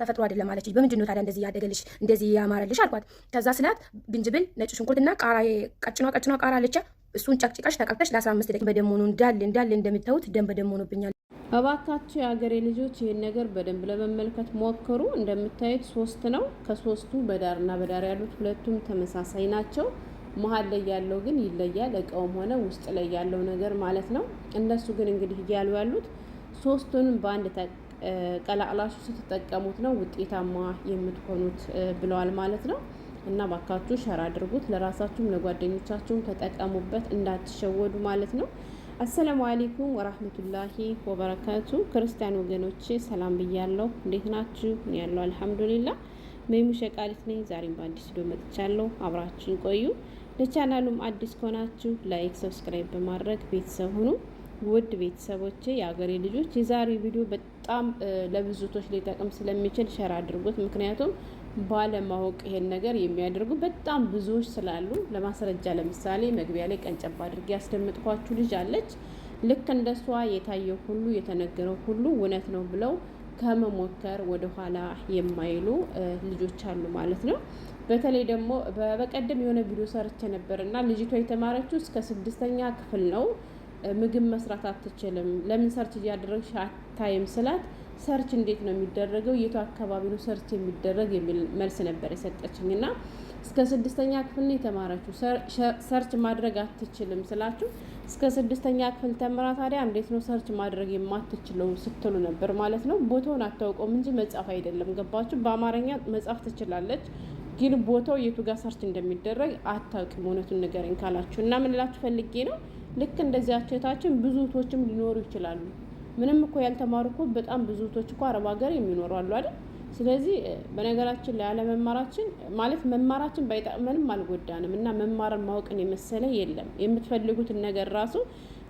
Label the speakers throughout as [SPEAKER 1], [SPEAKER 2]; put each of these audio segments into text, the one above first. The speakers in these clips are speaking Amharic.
[SPEAKER 1] ተፈጥሮ አይደለም አለች። በምንድን ነው ታዲያ እንደዚህ ያደገልሽ እንደዚህ ያማረልሽ አልኳት። ከዛ ስላት ብንጅብል፣ ነጭ ሽንኩርትና ቃራ ቀጭኗ ቀጭኗ ቃራ አለች። እሱን ጨቅጭቃሽ ተቀብተሽ ለ15 ደቂቃ በደም ሆኖ እንዳለ እንዳለ እንደምታዩት ደም በደም ሆኖብኛል።
[SPEAKER 2] እባካችሁ የአገሬ ልጆች ይህን ነገር በደንብ ለመመልከት ሞክሩ። እንደምታዩት ሶስት ነው። ከሶስቱ በዳርና በዳር ያሉት ሁለቱም ተመሳሳይ ናቸው። መሀል ላይ ያለው ግን ይለያል። እቃውም ሆነ ውስጥ ላይ ያለው ነገር ማለት ነው። እነሱ ግን እንግዲህ እያሉ ያሉት ሶስቱንም በአንድ ቀላቅላችሁ ስትጠቀሙት ነው ውጤታማ የምትሆኑት ብለዋል ማለት ነው። እና ባካችሁ ሸር አድርጉት፣ ለራሳችሁም ለጓደኞቻችሁም ተጠቀሙበት እንዳትሸወዱ ማለት ነው። አሰላሙ አሌይኩም ወራህመቱላሂ ወበረካቱ። ክርስቲያን ወገኖቼ ሰላም ብያለሁ። እንዴት ናችሁ? እኔ ያለው አልሐምዱሊላ መይሙ ሸቃሪት ነኝ። ዛሬም በአዲስ ቪዲዮ መጥቻለሁ። አብራችሁን ቆዩ። ለቻናሉም አዲስ ከሆናችሁ ላይክ፣ ሰብስክራይብ በማድረግ ቤተሰብ ሁኑ። ውድ ቤተሰቦቼ፣ የአገሬ ልጆች የዛሬ ቪዲዮ በጣም ለብዙቶች ሊጠቅም ስለሚችል ሸር አድርጉት። ምክንያቱም ባለማወቅ ይሄን ነገር የሚያደርጉ በጣም ብዙዎች ስላሉ ለማስረጃ ለምሳሌ መግቢያ ላይ ቀንጨባ አድርጌ ያስደምጥኳችሁ ልጅ አለች። ልክ እንደሷ የታየው ሁሉ የተነገረው ሁሉ እውነት ነው ብለው ከመሞከር ወደኋላ የማይሉ ልጆች አሉ ማለት ነው። በተለይ ደግሞ በቀደም የሆነ ቪዲዮ ሰርቼ ነበር እና ልጅቷ የተማረችው እስከ ስድስተኛ ክፍል ነው። ምግብ መስራት አትችልም። ለምን ሰርች እያደረግሽ ታይም ስላት ሰርች እንዴት ነው የሚደረገው? የቱ አካባቢ ነው ሰርች የሚደረግ የሚል መልስ ነበር የሰጠችኝ። እና እስከ ስድስተኛ ክፍል ነው የተማረችው ሰርች ማድረግ አትችልም ስላችሁ እስከ ስድስተኛ ክፍል ተምራ ታዲያ እንዴት ነው ሰርች ማድረግ የማትችለው ስትሉ ነበር ማለት ነው። ቦታውን አታውቀውም እንጂ መጻፍ አይደለም ገባችሁ? በአማርኛ መጻፍ ትችላለች፣ ግን ቦታው የቱ ጋር ሰርች እንደሚደረግ አታውቅም። እውነቱን ንገረኝ ካላችሁ እና ምንላችሁ ፈልጌ ነው ልክ እንደዚያቸው የታችን ብዙ ቶችም ሊኖሩ ይችላሉ ምንም እኮ ያልተማሩ እኮ በጣም ብዙ እህቶች እኮ አረብ ሀገር የሚኖሩ አሉ አይደል? ስለዚህ በነገራችን ላይ አለመማራችን ማለት መማራችን ባይጠቅመንም አልጎዳንም እና መማርን ማወቅን የመሰለ የለም። የምትፈልጉትን ነገር ራሱ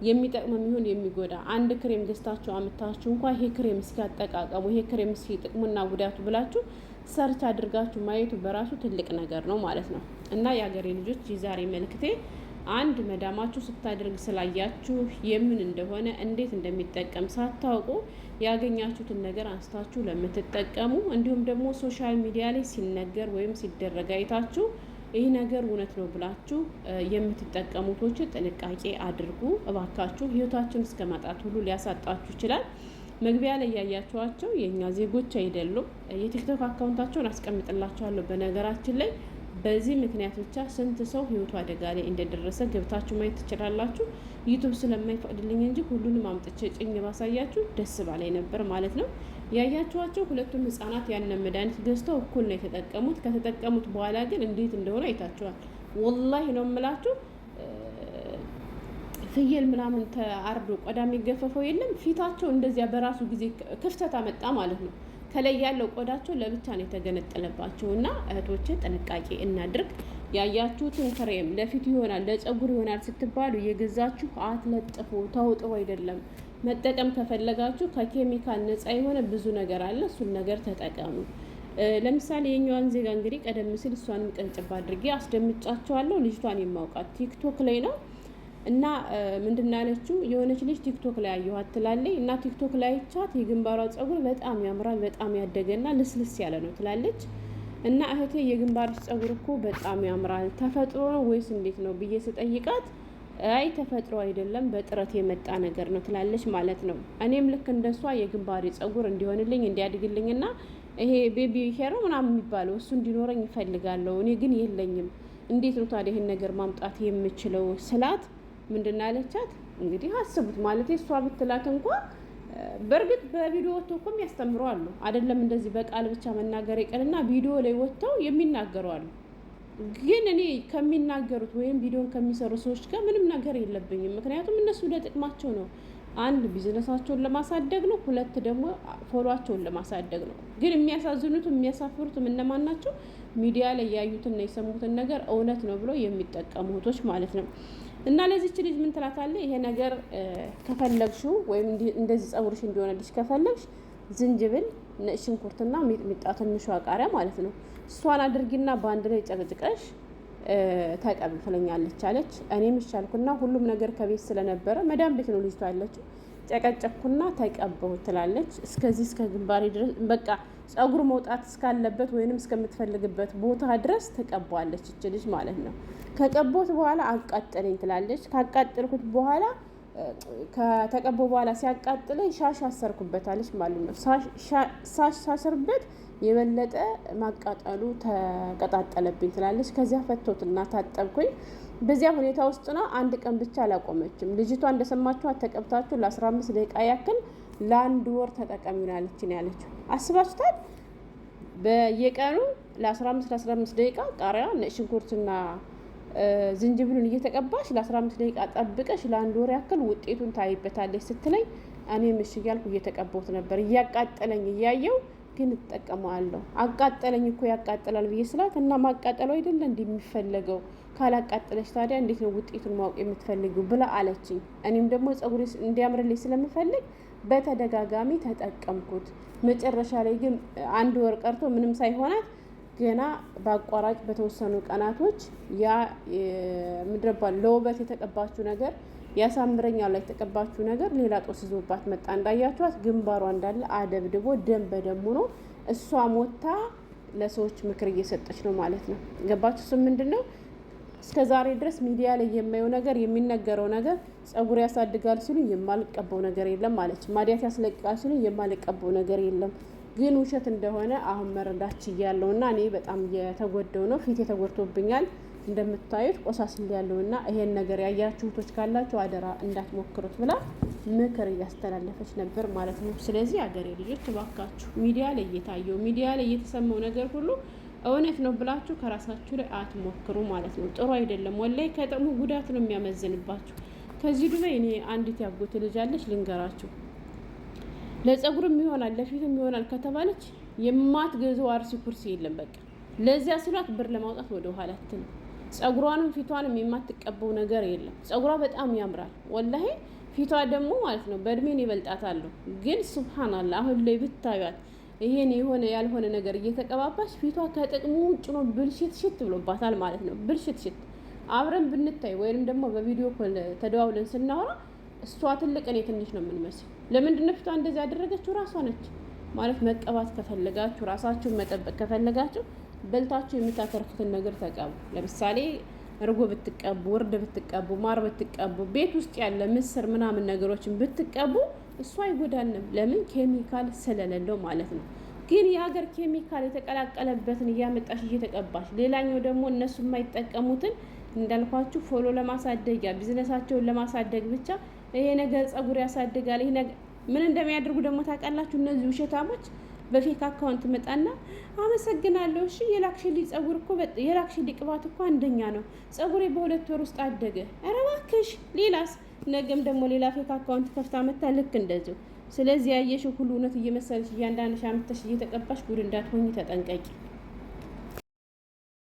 [SPEAKER 2] የሚጠቅም ይሁን የሚጎዳ አንድ ክሬም ገዝታችሁ አምታችሁ እንኳ ይሄ ክሬም እስኪ አጠቃቀሙ ይሄ ክሬም እስኪ ጥቅሙና ጉዳቱ ብላችሁ ሰርች አድርጋችሁ ማየቱ በራሱ ትልቅ ነገር ነው ማለት ነው። እና የሀገሬ ልጆች የዛሬ መልክቴ አንድ መዳማችሁ ስታደርግ ስላያችሁ የምን እንደሆነ እንዴት እንደሚጠቀም ሳታውቁ ያገኛችሁትን ነገር አንስታችሁ ለምትጠቀሙ እንዲሁም ደግሞ ሶሻል ሚዲያ ላይ ሲነገር ወይም ሲደረግ አይታችሁ ይህ ነገር እውነት ነው ብላችሁ የምትጠቀሙቶች ጥንቃቄ አድርጉ እባካችሁ። ህይወታችን እስከ ማጣት ሁሉ ሊያሳጣችሁ ይችላል። መግቢያ ላይ ያያችኋቸው የእኛ ዜጎች አይደሉም። የቲክቶክ አካውንታቸውን አስቀምጥላችኋለሁ በነገራችን ላይ በዚህ ምክንያት ብቻ ስንት ሰው ህይወቱ አደጋ ላይ እንደደረሰ ገብታችሁ ማየት ትችላላችሁ። ዩቱብ ስለማይፈቅድልኝ እንጂ ሁሉንም አምጥቼ ጭኝ ባሳያችሁ ደስ ባላይ ነበር ማለት ነው። ያያችኋቸው ሁለቱም ህጻናት ያንን መድኃኒት ገዝተው እኩል ነው የተጠቀሙት። ከተጠቀሙት በኋላ ግን እንዴት እንደሆነ አይታችኋል። ወላሂ ነው የምላችሁ። ፍየል ምናምን ተአርዶ ቆዳ የሚገፈፈው የለም ፊታቸው እንደዚያ በራሱ ጊዜ ክፍተት አመጣ ማለት ነው። ከላይ ያለው ቆዳቸው ለብቻ ነው የተገነጠለባቸው እና እህቶቼ ጥንቃቄ እናድርግ። ያያችሁትን ክሬም ለፊት ይሆናል ለፀጉር ይሆናል ስትባሉ የገዛችሁ አትለጥፉ። ተውጥቦ አይደለም መጠቀም ከፈለጋችሁ ከኬሚካል ነፃ የሆነ ብዙ ነገር አለ። እሱን ነገር ተጠቀሙ። ለምሳሌ የኛዋን ዜጋ እንግዲህ ቀደም ሲል እሷንም ቀንጭባ አድርጌ አስደምጫቸዋለሁ። ልጅቷን የማውቃት ቲክቶክ ላይ ነው እና ምንድን ነው ያለችው የሆነች ልጅ ቲክቶክ ላይ አየኋት ትላለች። እና ቲክቶክ ላይ ቻት የግንባሯ ጸጉር በጣም ያምራል፣ በጣም ያደገና ልስልስ ያለ ነው ትላለች። እና እህቴ የግንባርሽ ጸጉር እኮ በጣም ያምራል ተፈጥሮ ነው ወይስ እንዴት ነው ብዬ ስጠይቃት አይ ተፈጥሮ አይደለም በጥረት የመጣ ነገር ነው ትላለች ማለት ነው። እኔም ልክ እንደሷ የግንባሬ ጸጉር እንዲሆንልኝ እንዲያድግልኝና ይሄ ቤቢ ሄሮ ምናምን የሚባለው እሱ እንዲኖረኝ እፈልጋለሁ። እኔ ግን የለኝም። እንዴት ነው ታዲያ ይህን ነገር ማምጣት የምችለው ስላት ምንድን ያለቻት? እንግዲህ አስቡት ማለት እሷ ብትላት እንኳ በእርግጥ በቪዲዮ ወጥቶ እኮ የሚያስተምሩ አሉ አይደለም፣ እንደዚህ በቃል ብቻ መናገር ይቀርና ቪዲዮ ላይ ወጥተው የሚናገሩ አሉ። ግን እኔ ከሚናገሩት ወይም ቪዲዮን ከሚሰሩ ሰዎች ጋር ምንም ነገር የለብኝም። ምክንያቱም እነሱ ለጥቅማቸው ነው። አንድ ቢዝነሳቸውን ለማሳደግ ነው፣ ሁለት ደግሞ ፎሎቸውን ለማሳደግ ነው። ግን የሚያሳዝኑት የሚያሳፍሩት እነማን ናቸው? ሚዲያ ላይ ያዩትና የሰሙትን ነገር እውነት ነው ብለው የሚጠቀሙ እህቶች ማለት ነው። እና ለዚች ልጅ ምን ትላታለህ? ይሄ ነገር ከፈለግሽው ወይም እንደዚህ ጸጉርሽ እንዲሆነልሽ ከፈለግሽ ዝንጅብል፣ ነጭ ሽንኩርትና ሚጥሚጣ፣ ትንሿ ቃሪያ ማለት ነው። እሷን አድርጊና በአንድ ላይ ጨቅጭቀሽ ትለኛለች አለች። እኔም ይሻልኩና ሁሉም ነገር ከቤት ስለነበረ መዳም ቤት ነው ልጅቷ ያለችው ጨቀጨኩና ተቀበው ትላለች። እስከዚህ እስከ ግንባሬ ድረስ በቃ ጸጉር መውጣት እስካለበት ወይንም እስከምትፈልግበት ቦታ ድረስ ተቀቧለች። እች ማለት ነው። ከቀቦት በኋላ አቃጠለኝ ትላለች። ካቃጠልኩት በኋላ ከተቀቦ በኋላ ሲያቃጥለኝ ሻሽ አሰርኩበታለች ማለት ነው። ሳሽ ሳሰርበት የበለጠ ማቃጠሉ ተቀጣጠለብኝ ትላለች። ከዚያ ፈቶትና ታጠብኩኝ። በዚያ ሁኔታ ውስጥ ነው አንድ ቀን ብቻ አላቆመችም። ልጅቷ እንደሰማችሁ ተቀብታችሁ ለ15 ደቂቃ ያክል ለአንድ ወር ተጠቀሚናለች ነው ያለችው። አስባችሁታል? በየቀኑ ለ15 ለ15 ደቂቃ ቃሪያ፣ ነጭ ሽንኩርትና ዝንጅብሉን እየተቀባሽ ለ15 ደቂቃ ጠብቀሽ ለአንድ ወር ያክል ውጤቱን ታይበታለች ስትለኝ እኔ ምሽ እያልኩ እየተቀባሁት ነበር። እያቃጠለኝ እያየው ግን እጠቀመዋለሁ። አቃጠለኝ እኮ ያቃጥላል ብዬ ስላት እና ማቃጠለው አይደለ እንደሚፈለገው ካላቃጠለች ታዲያ እንዴት ነው ውጤቱን ማወቅ የምትፈልጊው ብላ አለችኝ። እኔም ደግሞ ጸጉሪ እንዲያምርልኝ ስለምፈልግ በተደጋጋሚ ተጠቀምኩት። መጨረሻ ላይ ግን አንድ ወር ቀርቶ ምንም ሳይሆናት ገና በአቋራጭ በተወሰኑ ቀናቶች ያ ምድረባል ለውበት የተቀባችው ነገር ያሳምረኛ ላይ የተቀባችው ነገር ሌላ ጦስ ይዞባት መጣ። እንዳያችኋት ግንባሯ እንዳለ አደብድቦ ደም በደም ሆኖ እሷ ሞታ ለሰዎች ምክር እየሰጠች ነው ማለት ነው። ገባችሁ? እሱም ምንድን ነው እስከ ዛሬ ድረስ ሚዲያ ላይ የማየው ነገር የሚነገረው ነገር ጸጉር ያሳድጋል ሲሉ የማልቀበው ነገር የለም አለች። ማዲያት ያስለቅቃል ሲሉ የማልቀበው ነገር የለም ግን ውሸት እንደሆነ አሁን መረዳች እያለው እና እኔ በጣም የተጎደው ነው ፊት የተጎድቶብኛል እንደምታዩት ቆሳስል ያለው እና ይሄን ነገር ያያችሁ እህቶች ካላችሁ አደራ እንዳትሞክሩት ብላ ምክር እያስተላለፈች ነበር ማለት ነው። ስለዚህ አገሬ ልጆች እባካችሁ ሚዲያ ላይ እየታየው ሚዲያ ላይ እየተሰማው ነገር ሁሉ እውነት ነው ብላችሁ ከራሳችሁ ላይ አትሞክሩ ማለት ነው። ጥሩ አይደለም። ወላይ ከጥሙ ጉዳት ነው የሚያመዝንባችሁ። ከዚህ ዱባይ እኔ አንዲት ያጎት ልጅ አለች፣ ልንገራችሁ። ለጸጉርም ይሆናል ለፊትም ይሆናል ከተባለች የማትገዘው አርሲ ኩርሲ የለም። በቃ ለዚያ ስሏት ብር ለማውጣት ወደ ኋላ ትነው። ጸጉሯንም ፊቷንም የማትቀበው ነገር የለም። ጸጉሯ በጣም ያምራል ወላሄ። ፊቷ ደግሞ ማለት ነው በእድሜን ይበልጣታለሁ፣ ግን ሱብሃናላ አሁን ላይ ብታዩት ይሄን የሆነ ያልሆነ ነገር እየተቀባባች ፊቷ ከጥቅሙ ውጭ ነው። ብልሽት ሽት ብሎባታል ማለት ነው። ብልሽት ሽት አብረን ብንታይ ወይም ደግሞ በቪዲዮ ኮል ተደዋውለን ስናወራ እሷ ትልቅ እኔ ትንሽ ነው የምንመስል። ለምንድን ነው ፊቷ እንደዚህ ያደረገችው? ራሷ ነች ማለት መቀባት ከፈለጋችሁ፣ ራሳችሁን መጠበቅ ከፈለጋችሁ በልታችሁ የምታተርፉትን ነገር ተቀቡ። ለምሳሌ እርጎ ብትቀቡ፣ ውርድ ብትቀቡ፣ ማር ብትቀቡ፣ ቤት ውስጥ ያለ ምስር ምናምን ነገሮችን ብትቀቡ እሱ አይጎዳንም። ለምን ኬሚካል ስለሌለው ማለት ነው። ግን የሀገር ኬሚካል የተቀላቀለበትን እያመጣሽ እየተቀባሽ፣ ሌላኛው ደግሞ እነሱ የማይጠቀሙትን እንዳልኳችሁ ፎሎ ለማሳደጊያ ቢዝነሳቸውን ለማሳደግ ብቻ ይሄ ነገር ጸጉር ያሳድጋል። ይሄ ነገር ምን እንደሚያደርጉ ደግሞ ታውቃላችሁ? እነዚህ ውሸታሞች በፌክ አካውንት መጣና አመሰግናለሁ፣ እሺ የላክሽሊ ጸጉር እኮ የላክሽሊ ቅባት እኮ አንደኛ ነው፣ ጸጉሬ በሁለት ወር ውስጥ አደገ። ኧረ እባክሽ ሌላስ ነገም ደግሞ ሌላ ፌክ አካውንት ከፍታ መታ ልክ እንደዚሁ። ስለዚህ ያየሽው ሁሉ እውነት እየመሰለች እያንዳንድ ሻምተሽ እየተቀባሽ ጉድ እንዳትሆኝ ተጠንቀቂ።